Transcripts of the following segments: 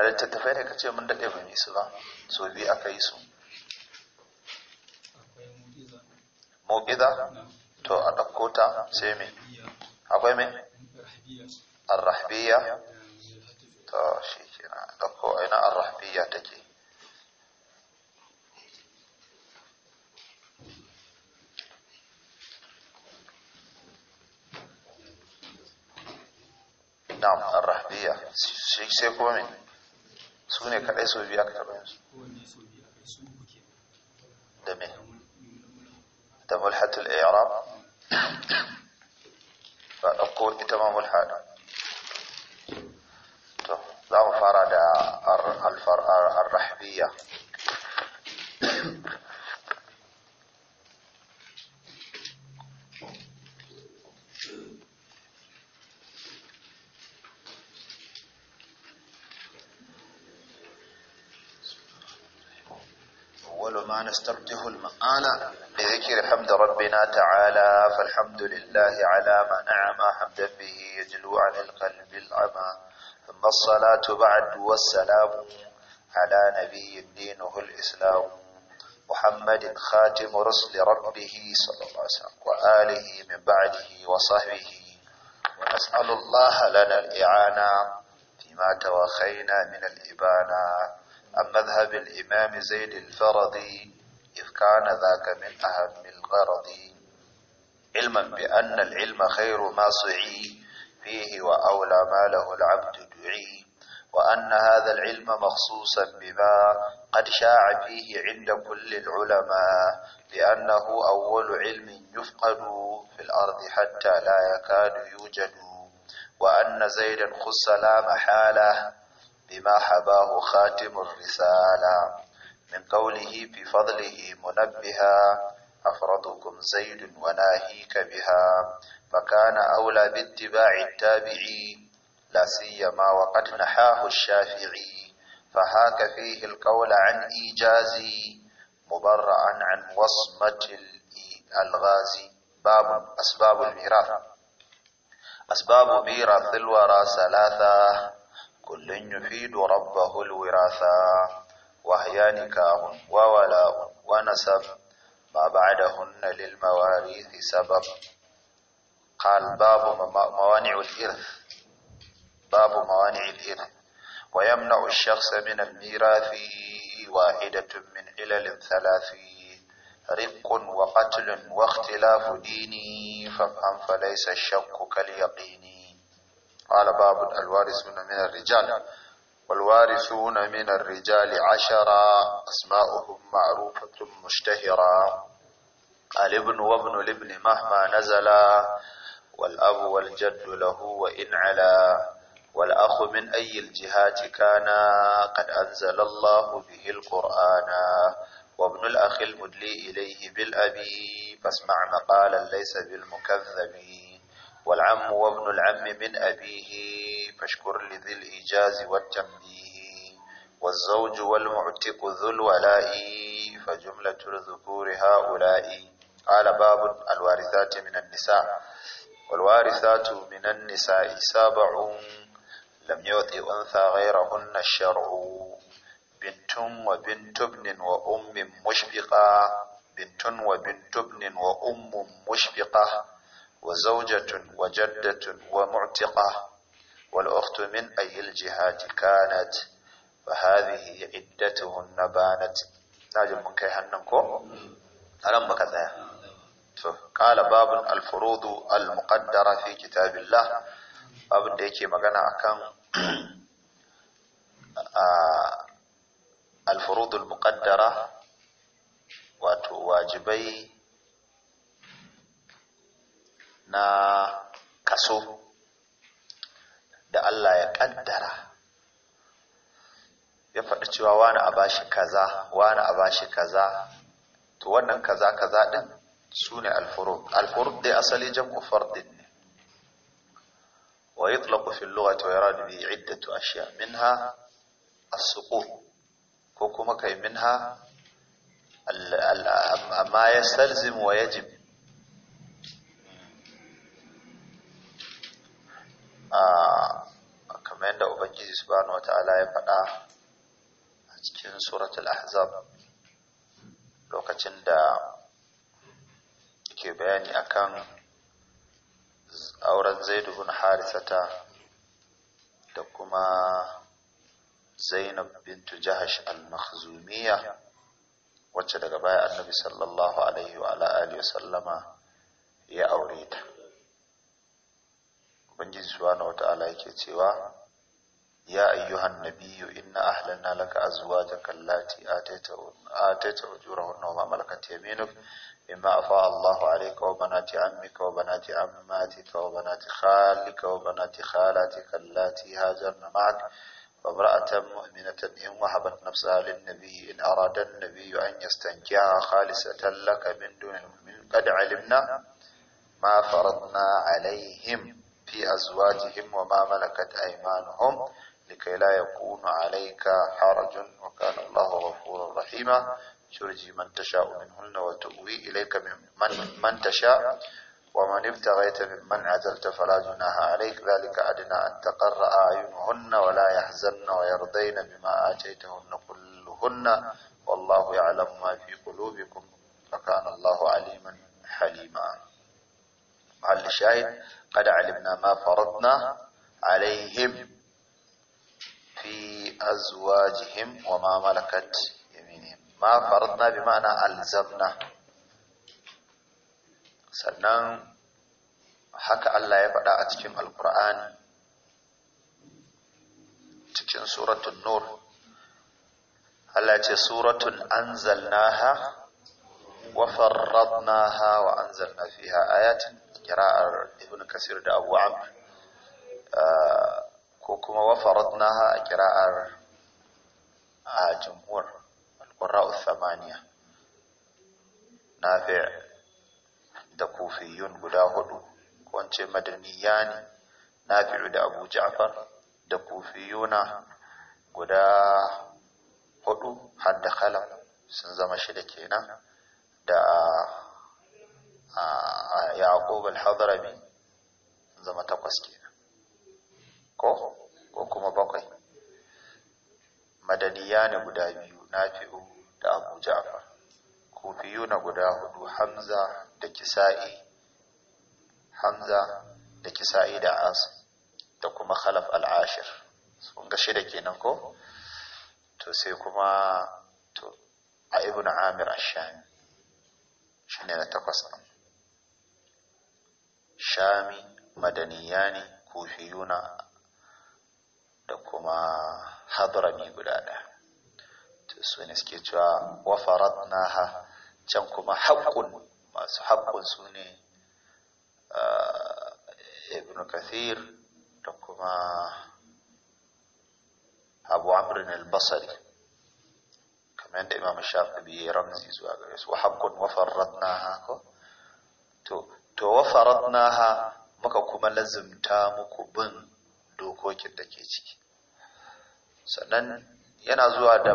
wani littattafai ne ka ce mun daɗe ba su ba so bi aka yi su mugiza to a ɗauko ta sai me akwai me arrahbiya to shi kenan ɗauko aina arrahbiya take نعم sai kuma سيكون su ne kaɗai sau biyu aka taɓa yinsu da me da mulhatul arab ba ɗauko ita ma mulhaɗa to za mu fara da al-rahbiyya ما نسترجح المآل لذكر حمد ربنا تعالى فالحمد لله على ما نعم حمدا به يجلو عن القلب العمى ثم الصلاة بعد والسلام على نبي دينه الإسلام محمد خاتم رسل ربه صلى الله عليه وسلم وآله من بعده وصحبه ونسأل الله لنا الإعانة فيما توخينا من الإبانات مذهب الإمام زيد الفردي إذ كان ذاك من أهم الغرض علما بأن العلم خير ما صعي فيه وأولى ما له العبد دعي وأن هذا العلم مخصوصا بما قد شاع فيه عند كل العلماء لأنه أول علم يفقد في الأرض حتى لا يكاد يوجد وأن زيدا خص لا محالة بما حباه خاتم الرسالة من قوله في فضله منبها أفرضكم زيد وناهيك بها فكان أولى باتباع التابعي لا سيما وقد نحاه الشافعي فهاك فيه القول عن إيجازي مبرعا عن وصمة الغازي باب أسباب الميراث أسباب ميراث الورى ثلاثة كل يفيد ربه الوراثة وهي نكاح وولاء ونسب ما بعدهن للمواريث سبب قال باب موانع الإرث باب موانع الإرث ويمنع الشخص من الميراث واحدة من علل ثلاث رق وقتل واختلاف ديني فافهم فليس الشك كاليقين قال باب الوارثون من الرجال والوارثون من الرجال عشرة أسماؤهم معروفة مشتهرة الابن وابن الابن مهما نزلا والأب والجد له وإن علا والأخ من أي الجهات كان قد أنزل الله به القرآن وابن الأخ المدلي إليه بالأبي فاسمع مقالا ليس بالمكذب والعم وابن العم من أبيه فاشكر لذي الإيجاز والتنبيه والزوج والمعتق ذو الولاء فجملة الذكور هؤلاء قال باب الوارثات من النساء والوارثات من النساء سبع لم يعطي أنثى غيرهن الشرع بنت وبنت ابن وأم مشفقة بنت وبنت ابن وأم مشفقة وزوجة وجدة ومعتقة والأخت من أي الجهات كانت فهذه عدتهن بانت ناجم من كيهنكم ألم بكذا قال باب الفروض المقدرة في كتاب الله باب ديكي مغانا أكام آه، الفروض المقدرة واتو واجبي na kaso da Allah ya kaddara ya faɗi cewa wani a bashi kaza wani a bashi kaza to wannan kaza kaza din sune al-furud al dai asali jam'u fardin ne wa yutlaqu fi al-lughati wa yurad bi iddatu ashya minha as-suqut ko kuma kai minha amma yastalzim wa yajib A kamar yadda ubangiji subhanahu wata'ala ya faɗa a cikin suratul ahzab lokacin da ke bayani akan auren zaidu bin harisata da kuma zainab bintu jahash al-makhzumiyya wacce daga baya annabi sallallahu alaihi wa wa sallama ya aure ta ubangiji subhanahu wata'ala yake cewa ya ayyuhan nabiyyu inna ahlana laka azwajaka allati ataita ujurahunna wa malakat yaminuk mimma afa Allahu alayka wa banati ammika wa banati ammatika wa banati khalika wa banati khalatika allati hajarna ma'ak وامرأة مؤمنة إن وهبت نفسها للنبي إن أراد النبي أن يستنكعها خالصة لك من دون المؤمنين قد علمنا ما فرضنا عليهم في أزواجهم وما ملكت أيمانهم لكي لا يكون عليك حرج وكان الله غفورا رحيما ترجي من تشاء منهن وتؤوي إليك من, من, من تشاء ومن ابتغيت ممن عزلت فلا جناح عليك ذلك أدنى أن تقر أعينهن ولا يحزن ويرضين بما آتيتهن كلهن والله يعلم ما في قلوبكم فكان الله عليما حليما محل الشاهد قد علمنا ما فرضنا عليهم في أزواجهم وما ملكت يمينهم ما فرضنا بمعنى ألزمنا سنن حكى الله يبدا أتكم القرآن تكن سورة النور التي سورة أنزلناها وفرضناها وأنزلنا فيها آيات kira'ar ibn kasir da abu amr uh, ko kuma wafarat naha a kira'ar a uh, jimuwar al-qurra'u Na nafi da kufiyun guda hudu ko madaniya ce madaniyani da abu ja'far da kufiyuna guda hudu har da khalam sun zama shida kenan da yaqub al-hadrami zama takwas kenan ko ko kuma bakwai madaniya ne guda biyu nafi'u da abu ja'far kufiyu na guda hudu hamza da kisa'i hamza da kisa'i da Asu? da kuma khalaf al-ashir sun ga shida kenan ko to sai kuma to a ibn amir ash-shami shine na takwas ɗin shami madaniyani kufiyuna da kuma hadrami guda ɗaya su ne suke cewa wafarat naha can kuma haƙƙun masu haƙƙun su ne ibn kathir da kuma abu amrin al-basari kamar yadda imam shafi ramzi zuwa gare su wa haƙƙun wafarat naha ko to to wa faradnaha muka kuma lazumta muku bin dokokin da ke ciki sannan yana zuwa da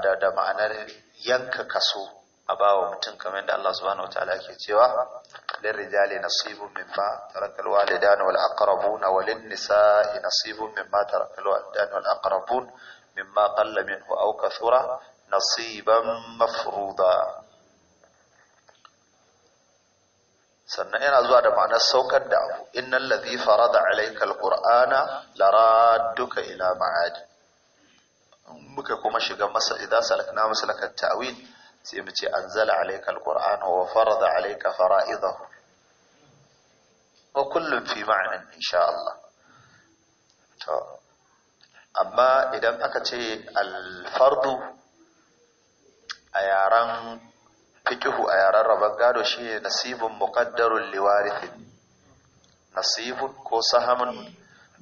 da da ma'anar yanka kaso a wa mutum kamar yadda Allah subhanahu wataala ke cewa lir rijali nasibun mimma tarakal walidan wal aqrabun wa lin nisa'i nasibun mimma tarakal walidan wal aqrabun mimma qalla minhu aw kathura nasiban mafruda sannan yana zuwa da ma'anar saukar da abu innal ladhi farada alayka alqur'ana laradduka ila ma'ad muka kuma shiga masa idza salakna masalaka ta'wil sai mu ce anzala alayka ƙurana wa farada alayka fara'idahu wa kullum fi ma'nan insha Allah amma idan aka ce alfardu a yaran Fikihu a yaren rabar gado shine nasibun muqaddarun liwarifin nasibun ko sahamin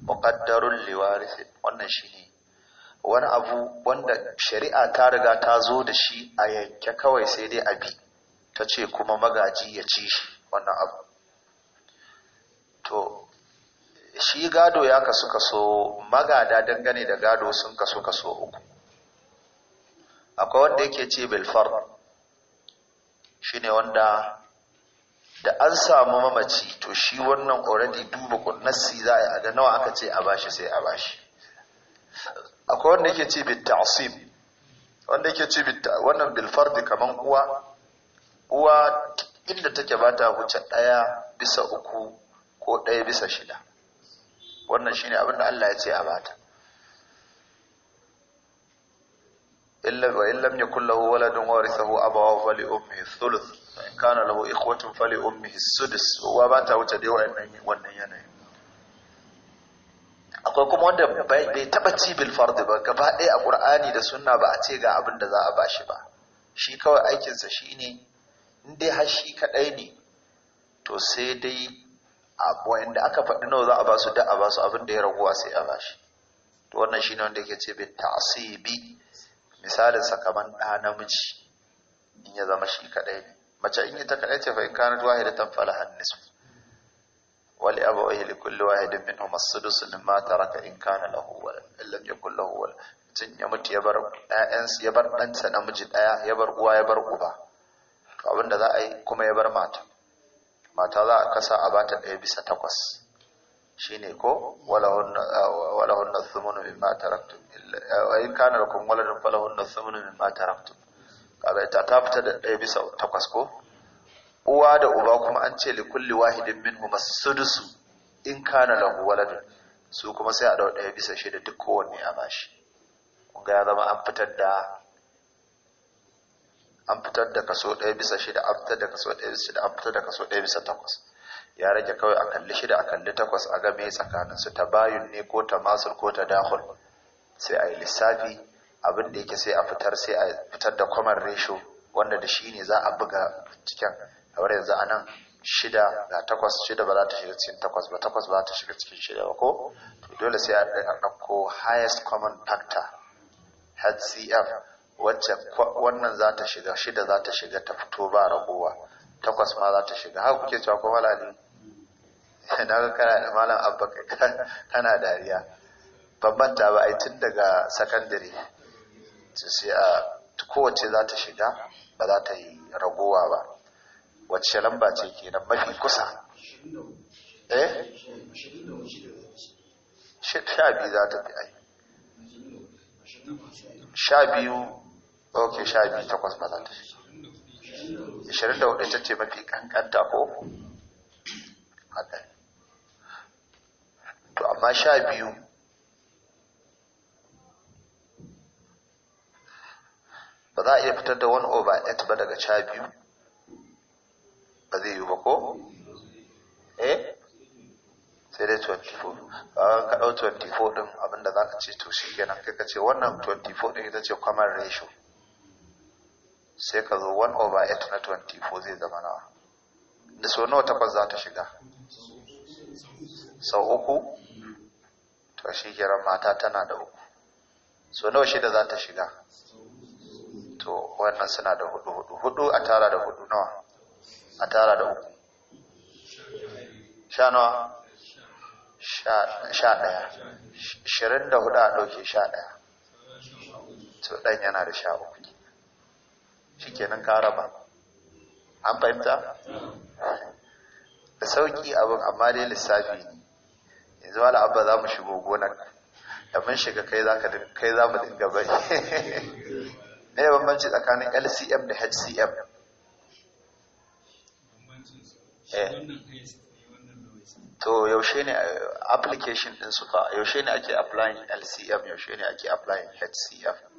muƙaddarun liwarifin wannan shi ne. wani abu wanda shari'a ta riga ta zo da shi a yanke kawai sai dai abi ta ce kuma magaji ya ci shi wannan abu to shi gado ya kasu kaso magada dangane da gado sun kasu kaso uku akwai wanda yake ce bilfar shine wanda da an samu mamaci to shi wannan already duba kunnasi za a da nawa aka ce a bashi sai a bashi akwai wanda yake ce bi ta'sib wanda yake ce bi wannan bil fard kaman uwa uwa inda take bata huce daya bisa uku ko daya bisa shida wannan shine abin da Allah ya ce a bata إلا وإن لم يكن له ولد ورثه أبواه فلأمه الثلث فإن كان له إخوة فلأمه السدس وبات وتدي wannan yanayin akwai kuma wanda bai taba ci bil fard ba gaba ɗaya a Qur'ani da sunna ba a ce ga abin da za a bashi ba shi kawai aikin sa shine in dai har shi kadai ne to sai dai a da aka faɗi nawa za a basu da a basu abin da ya raguwa sai a bashi to wannan shine wanda yake ce bi ta'sibi sa kaman ɗa namiji in ya zama shi kaɗai ne mace in ita kaɗai ce fa'in kanar wahida tan falahan nisfu wali abawaihi li kulli wahidin min as-sudus mimma taraka in kana lahu walad in lam yakul lahu walad tun ya mutu ya bar ɗayansa ya bar ɗansa namiji ɗaya ya bar uwa ya bar uba to abinda za a yi kuma ya bar mata mata za a kasa a bata ɗaya bisa takwas shine ko wala hunna thumunu mimma taraktum wa in kana lakum waladun fala hunna thumunu mimma taraktum kaga ta ta fita da ɗaya bisa takwas ko uwa da uba kuma an ce li kulli wahidin minhum as dusu in kana lahu waladun su kuma sai a dau ɗaya bisa shida duk kowanne a bashi kun ga ya zama an fitar da an fitar da kaso ɗaya bisa shida an fitar da kaso ɗaya bisa shida an fitar da kaso ɗaya bisa takwas ya rage kawai a kalli shida a kalli takwas a game tsakanin su bayun ne ko ta masul ko ta tadahul sai a yi lissafi abin da yake sai a fitar sai a fitar da kwamar ratio wanda da shi ne za a buga cikin kamar yanzu a nan shida ga takwas shida ba za ta shiga cikin takwas ba takwas ba za ta shiga cikin shida ba ko dole sai a ɗauko highest common factor hcf wacce wannan za ta shiga shida za ta shiga ta fito ba ragowa takwas ma za ta shiga haka kuke cewa ko malali na kana da malam abba kana dariya bambanta ba ai tun daga sakandare su sai a kowace za ta shiga ba za ta yi ragowa ba wacce lamba ce kenan mafi kusa eh sha biyu za ta fi ai sha biyu ok sha biyu takwas ba za ta shiga ishirin da hudu ita ce mafi kankanta ko haɗari. to amma sha biyu ba za a iya fitar da 1 over 8 ba daga sha biyu ba zai yi ba ko? eh? sai dai 24 ba ka ɗau 24 din abinda za ka ce to shi kenan kai ka ce wannan 24 din ita ce common ratio sai ka zo 1 over 8 na 24 zai zama nawa da sau nawa takwas za ta shiga sau uku to shi kiran mata tana da uku so nawa shida za ta shiga to wannan suna da hudu hudu hudu a tara da hudu nawa a tara da uku sha nawa sha ɗaya shirin da hudu a ɗauke sha ɗaya to dan yana da sha uku shi kenan kara ba an fahimta da sauki abin amma dai lissafi ne yanzu abba za mu shigo gonar da mun shiga kai za ka kai za mu dinga bai ne bambanci tsakanin LCM da HCM eh. to yaushe ne eh, application din su fa yaushe ne ake applying LCM yaushe ne ake applying HCM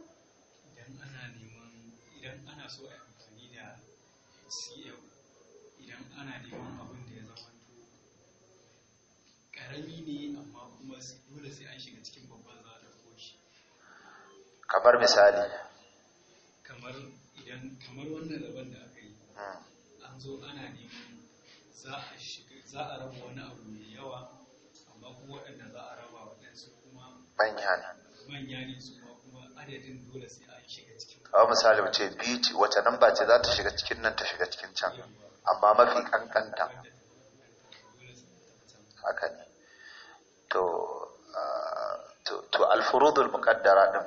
karami ne amma kuma dole sai an shiga cikin babban za a ɗauko shi kamar misali kamar idan kamar wannan rabon da aka yi hmm. an zo ana neman za a raba wani abu mai yawa amma kuma waɗanda za a raba waɗansu kuma manya ne manya ne su ma kuma adadin dole sai an shiga cikin kawai misali mu ce biyu wace nan ba ce za ta shiga cikin nan ta shiga cikin can amma mafi kankanta haka ne to to alfurudul muqaddara din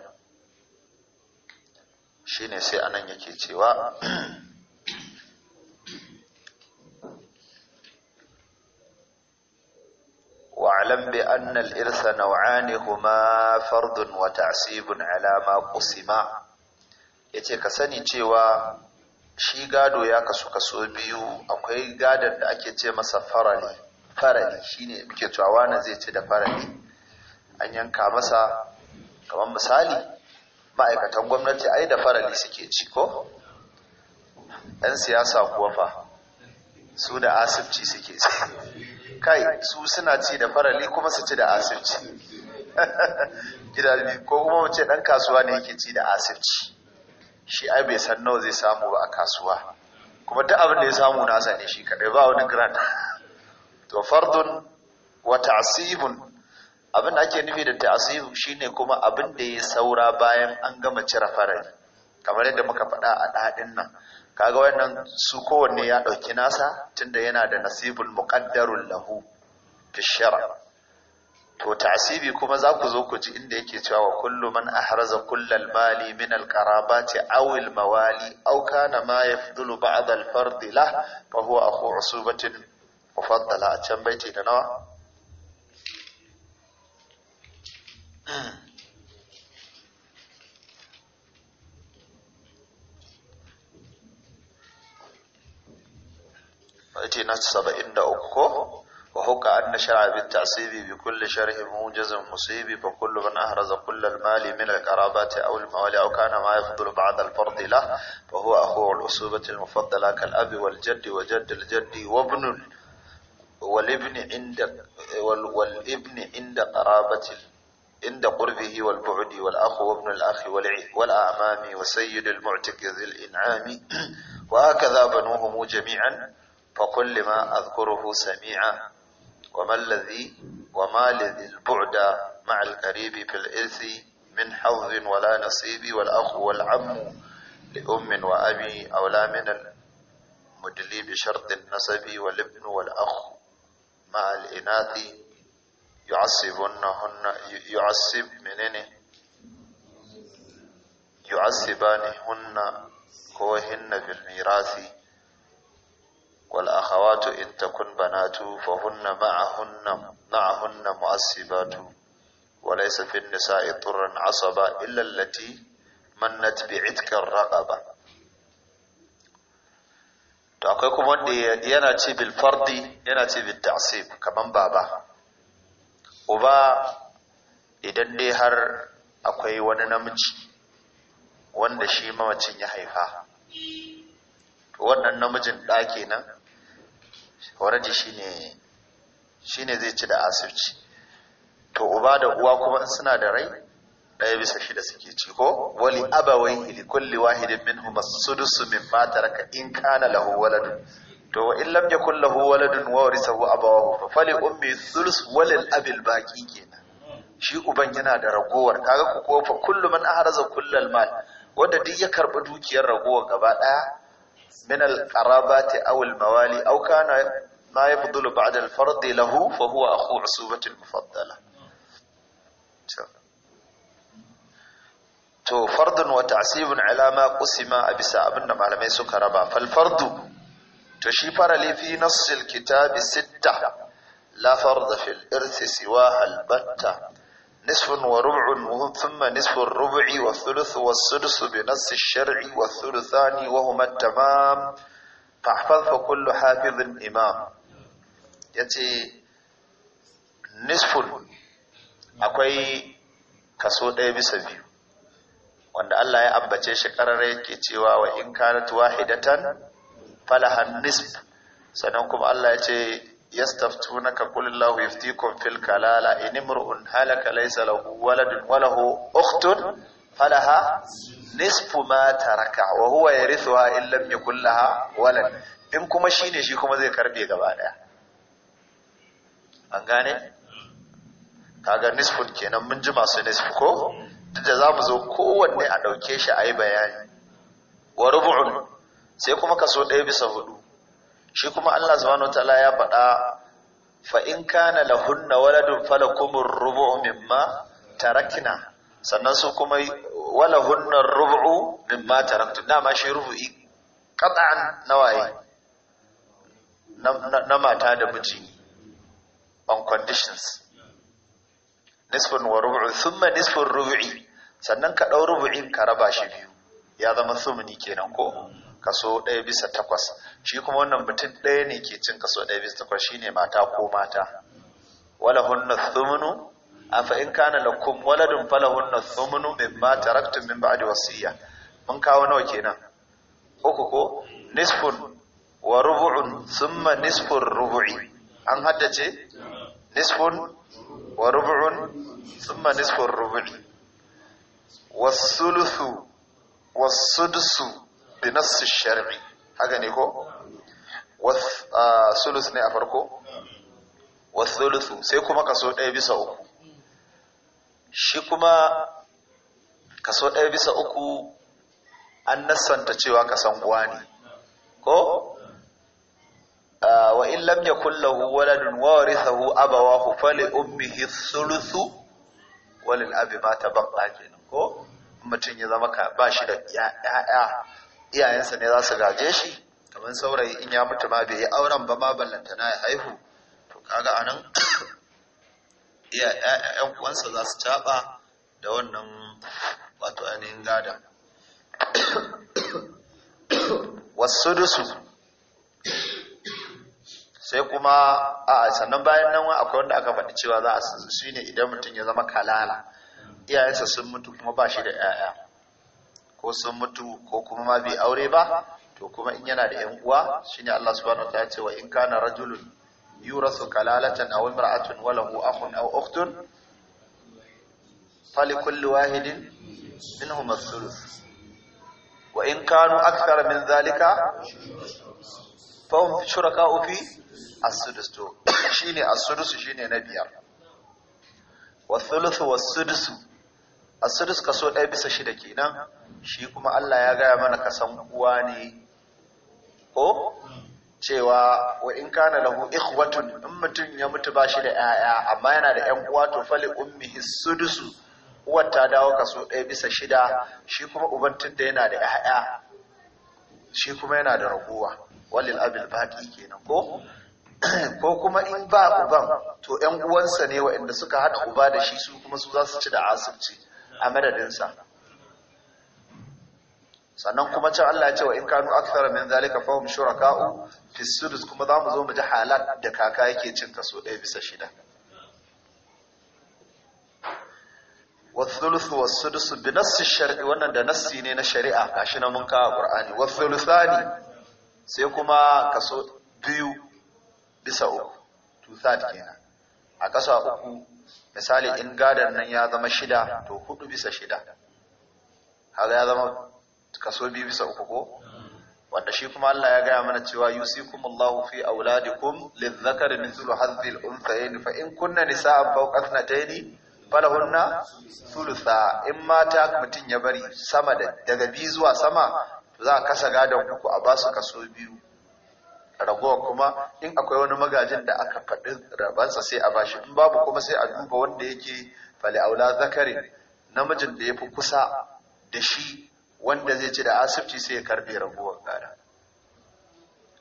shine sai anan yake cewa واعلم بأن الإرث نوعان هما فرض وتعصيب على ما قسما yace ka sani cewa shi gado ya kasu kaso biyu akwai gadon da ake ce masa farali farali shine muke cewa wani zai ci da farali an yanka masa kamar misali ma'aikatan gwamnati ai da farali suke ci ko ɗan siyasa kuwa fa su da asibci suke ci kai su suna ci da farali kuma su ci da asibci gidaje ko kuma wace ɗan kasuwa ne yake ci da asibci shi ai bai san nawa zai samu ba a kasuwa kuma duk abin da ya samu nasa ne shi kaɗai ba wani grant to fardun wa ta'sibun abin da ake nufi da ta'sib shine kuma abin da ya saura bayan an gama cire farari kamar yadda muka faɗa a ɗaɗin nan kaga wannan su kowanne ya ɗauki nasa tunda yana da nasibul muqaddarul lahu fi shara to ta'sibi kuma za ku zo ku ji inda yake cewa wa kullu man ahraza kullal mali min al qarabati aw al mawali aw kana ma yafdulu ba'd al fard lah fa huwa akhu usubatin مفضلة a بيتي baiti da nawa إن na 73 وحكى أن شرع بالتعصيب بكل شره موجز مصيب فكل من أهرز كل المال من القرابات أو الموالي أو كان ما يفضل بعد الفرض له فهو أخوه الأصوبة المفضلة كالأب والجد وجد الجد وابن والابن عند والابن عند قرابة عند قربه والبعد والأخ وابن الأخ والأعمام وسيد المعتك ذي الإنعام وهكذا بنوهم جميعا فكل ما أذكره سميعا وما الذي وما لذي البعد مع القريب في الإرث من حظ ولا نصيب والأخ والعم لأم وأبي أولى من المدلي بشرط النسب والابن والأخ مع الإناث يعصبنهن يعصب منين يعصبانهن كوهن الميراث والأخوات إن تكن بنات فهن معهن معهن مؤسبات وليس في النساء طرا عصبا إلا التي منت بعتك الرقبة to akwai kuma wanda yana ce bil fardi yana ce bil ta'sib kaman baba uba idan dai har akwai wani namiji wanda shi mamacin ya haifa to wannan namijin da kenan waraji shine shine zai ci da asibci to uba da uwa kuma suna da rai ɗaya bisa shida suke ci ko wali abawai ili kulli wahidin minhum as min mata taraka in kana lahu waladun to wa in lam yakul lahu waladun wa warisahu abawahu fa fali ummi thulus walil abil baqi kenan shi uban yana da ragowar kaga ku ko fa kullu man ahraza kullal mal wanda duk ya karbi dukiyar ragowar gaba daya min al qarabati aw al mawali aw kana ma yafdulu ba'da al fard lahu fa huwa akhu usubatin mufaddala تو و وتعسيب على ما قسم أبساء أبن معلمي سكربا فالفرض تشفر لي في نص الكتاب ستة لا فرض في الإرث سواها البتة نصف و وربع ثم نصف و و ربع ثلث و والسدس بنص الشرع و وهما التمام فاحفظ فكل حافظ إمام يتي نصف أكوي كسود أبي سبيو wanda Allah ya ambace shi ƙarare yake cewa wa in kanat wahidatan falahan nisf sannan kuma Allah ya ce yastaftunaka qul Allahu yuftikum fil kalala in imru'un halaka laysa lahu waladun wa lahu ukhtun falaha nisfu ma taraka wa huwa yarithuha in lam yakul laha walad in kuma shine shi kuma zai karbe gaba daya an gane kaga nisfun kenan mun ji masu nisfu ko da za mu zo kowanne a ɗauke shi a yi bayani wa rubu'un sai kuma kaso ɗaya bisa hudu shi kuma Allah subhanahu ta'ala ya faɗa fa in kana lahunna waladun falakumur rubu'u mimma tarakna sannan su kuma wala hunna rubu'u mimma taraktu dama shi rubu'i qat'an nawai na mata da miji on conditions nisfun wa rubu'u thumma nisfun rubu'i sannan ka ɗau rubu'in ka raba shi biyu ya zama sumuni kenan ko kaso ɗaya bisa takwas shi kuma wannan mutum ɗaya ne ke cin kaso ɗaya bisa takwas Shi ne mata ko mata wala hunna sumunu a fa in kana lakum waladun falahunna thumnu mimma taraktum min ba ba'di wasiyya mun kawo nawa kenan uku ko nisfun wa rubu'un ma nisfun rubu'i an haddace nisfun wa rubu'un ma nisfun rubu'i Wasu wasudusu bi nassi shar'i haka ne ko wasulus ne a farko wasuluthu sai kuma kaso ɗaya bisa uku shi kuma kaso ɗaya bisa uku an nassanta cewa kasan uwa ne ko wa in lam yakul hu waladun warithahu abawahu fali ummihi sulusu walil abi ma tabaqqa kenan ko mutum ya zama ka ba shi da ya'ya iyayensa ne za su gaje shi kamar saurayi in ya mutu ma bai yi auren ba ma ballanta na ya haihu to kaga anan ya'yan uwansa za su caɓa da wannan wato ainihin gada wasu dusu sai kuma a sannan bayan nan akwai wanda aka faɗi cewa za a shi ne idan mutum ya zama kalala iyayensa sun mutu kuma ba shi da 'ya'ya ko sun mutu ko kuma ma bai aure ba to kuma in yana da 'yan uwa shine Allah subhanahu wa ta'a ce wa in kana rajulun yurasu kalalatan aw imra'atun wa lahu akhun aw ukhtun falikulli wahidin minhum as-sulus wa in kanu akthara min zalika fa hum shuraka'u fi as-sudus to shine as-sudus shine na biyar was-sudus asudus kaso ɗaya bisa shida kenan shi kuma Allah ya gaya mana kasan uwa ne ko cewa wa in kana lahu ikhwatun in mutum ya mutu ba shi da 'ya'ya amma yana da 'yan uwa to fali ummi sudusu uwar ta dawo kaso ɗaya bisa shida shi kuma uban da yana da 'ya'ya shi kuma yana da raguwa walil abil baqi kenan ko ko kuma in ba uban to 'yan uwansa ne waɗanda suka haɗa uba da shi su kuma su za su ci da asirci a madadinsa sannan kuma can Allah ya ce wa in kanu akthara min zalika fa hum shuraka'u fi sudus kuma za mu zo mu ji halat da kaka yake cin kaso ɗaya bisa shida والثلث bi بنص shar'i wannan da nassi ne na shari'a gashi na mun kawo Qur'ani والثلثان sai kuma kaso biyu bisa uku two third kenan a kaso uku misali in gadon nan ya zama shida to hudu bisa shida haka ya zama kaso biyu bisa uku ko wanda shi kuma Allah ya gaya mana cewa yusikum Allahu fi auladikum lizzakari min zulu al-unthayayn fa in kunna nisa'an fawqa ithnatayn falahunna thulutha in mata mutun ya bari sama daga biyu zuwa sama za a kasa gadon uku a basu kaso biyu ragowa kuma in akwai wani magajin da aka faɗi rabansa sai a bashi in babu kuma sai a duba wanda yake fali aula zakari namijin da ya fi kusa da shi wanda zai ci da asibiti sai ya karbe ragowar gada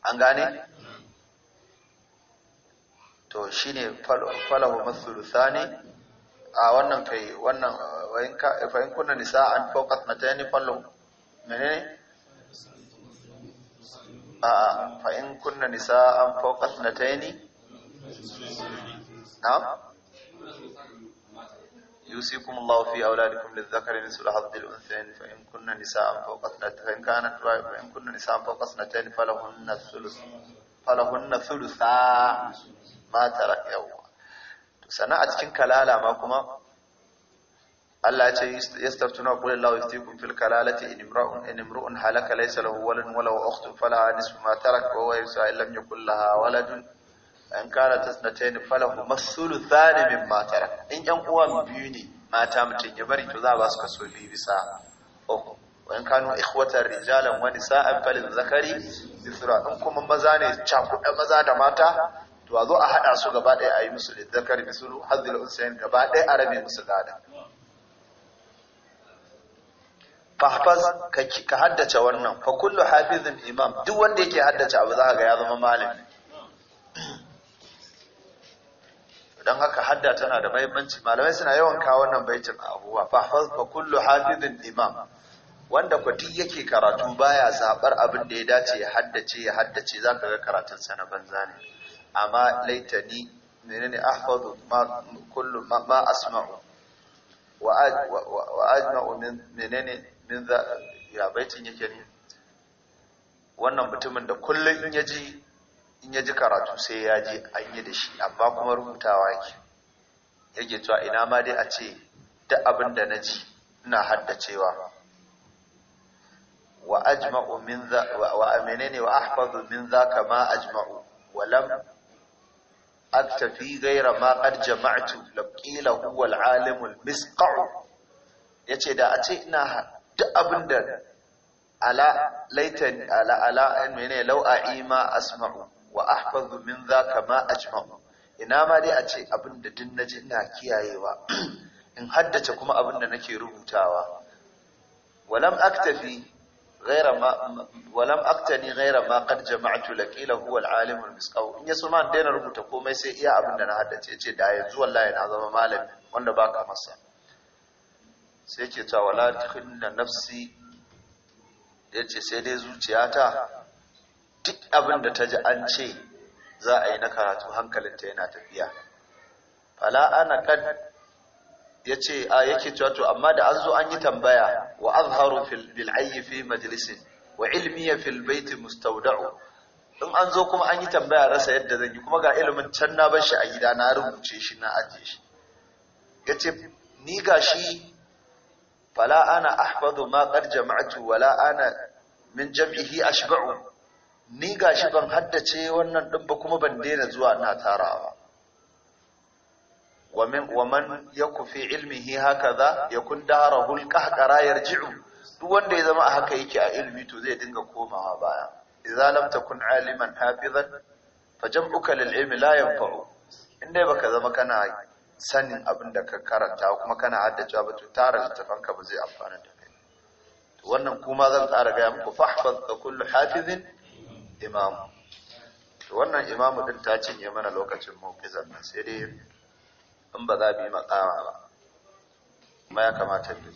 an gane to shi ne falahu masu a wannan kai wannan wayin na nisa'an fawqat matayni Mene menene آه فإن كنا نساء فوق اثنتين نعم يوصيكم الله في أولادكم للذكر مثل حظ الأنثيين فإن كنا نساء فوق اثنتين فإن كانت فإن كنا نساء فوق اثنتين فلهن الثلث فلهن ثلثا ما ترك يوم سنة كن كلالا ما كما Allah ya ce yastaftuna qul Allahu yuftikum fil kalalati in imra'un in imra'un halaka laysa lahu waladun wa lahu ukhtun falaha nisfu ma taraka wa yusa illam yakul laha waladun in kana tasnatayn falahu masulu thani mimma taraka in yan uwa biyu ne mata mutun ya bari to za ba su kaso biyu bisa uku wa in kanu ikhwatan rijalan wa nisa'an falil zakari mithra in kuma maza ne cakuɗa maza da mata to a zo a hada su gaba ɗaya a yi musu da zakari misulu hazil unsayin gaba ɗaya a rabe musu gada fahfaz ka haddace wannan fa kullu hafizin imam duk wanda yake haddace abu za ga ya zama malami don haka hadda tana da mahimmanci malamai suna yawan kawo wannan baitin abuwa fahfaz fa kullu hafizin imam wanda ku duk yake karatu baya zabar abin da ya dace ya haddace ya haddace zaka ga karatun sa na banza ne amma laitani menene ahfazu ma kullu ma asma'u wa ajma'u menene min za ya baitin yake ne wannan mutumin da kullum in yaji in yaji karatu sai ya ji an yi da shi amma kuma rubutawa yake yake cewa ina ma dai a ce duk abin da na ji ina haddacewa wa ajma'u min za wa ne wa ahfazu min za kama ajma'u wa lam aktafi gaira ma qad jama'tu laqila huwa al-alim al misqau yace da a ce ina duk abin da ala laitan ala ala mene lau'a ima asma'u wa ahfazu min zaka ma ajma'u ina ma dai a ce abin da din naji ina kiyayewa in haddace kuma abin da nake rubutawa walam aktafi غير ما ولم اقتني غير ما قد جمعت لقيل هو العالم المسقو in yaso ma daina rubuta komai sai iya abin da na haddace yace da yanzu wallahi na zama malami wanda baka masa sai ke ta wala tukhilna nafsi Ya ce sai dai zuciyata duk abin da ta ji an ce za a yi na karatu hankalinta yana tafiya fala ana Ya ce a yake cewa amma da an zo an yi tambaya wa azharu fil bil fi wa ilmi fil bayt mustawda'u in an zo kuma an yi tambaya rasa yadda zan yi kuma ga ilimin can na bar shi a gida na rubuce shi na ajiye shi yace ni ga shi. فلا أنا أحفظ ما قد جمعت ولا أنا من جمعه أشبع ni gashi ban haddace wannan din ba kuma ban daina zuwa ina tarawa ya waman yaku fi ilmihi hakaza yakun darahu alqahqara yarji'u duk wanda ya zama a haka yake a ilmi to zai dinga komawa baya idza lam takun aliman hafizan jam'uka lil ilmi la yanfa'u inda baka zama kana sanin abin da ka karanta kuma kana haddacewa ba to tara littafin ka ba zai amfana da kai wannan kuma zan tsara gaya muku fahfaz da kullu hafizin imamu to wannan imamu din ta cinye mana lokacin mawqizan nan sai dai in ba za bi makawa ba kuma ya kamata mu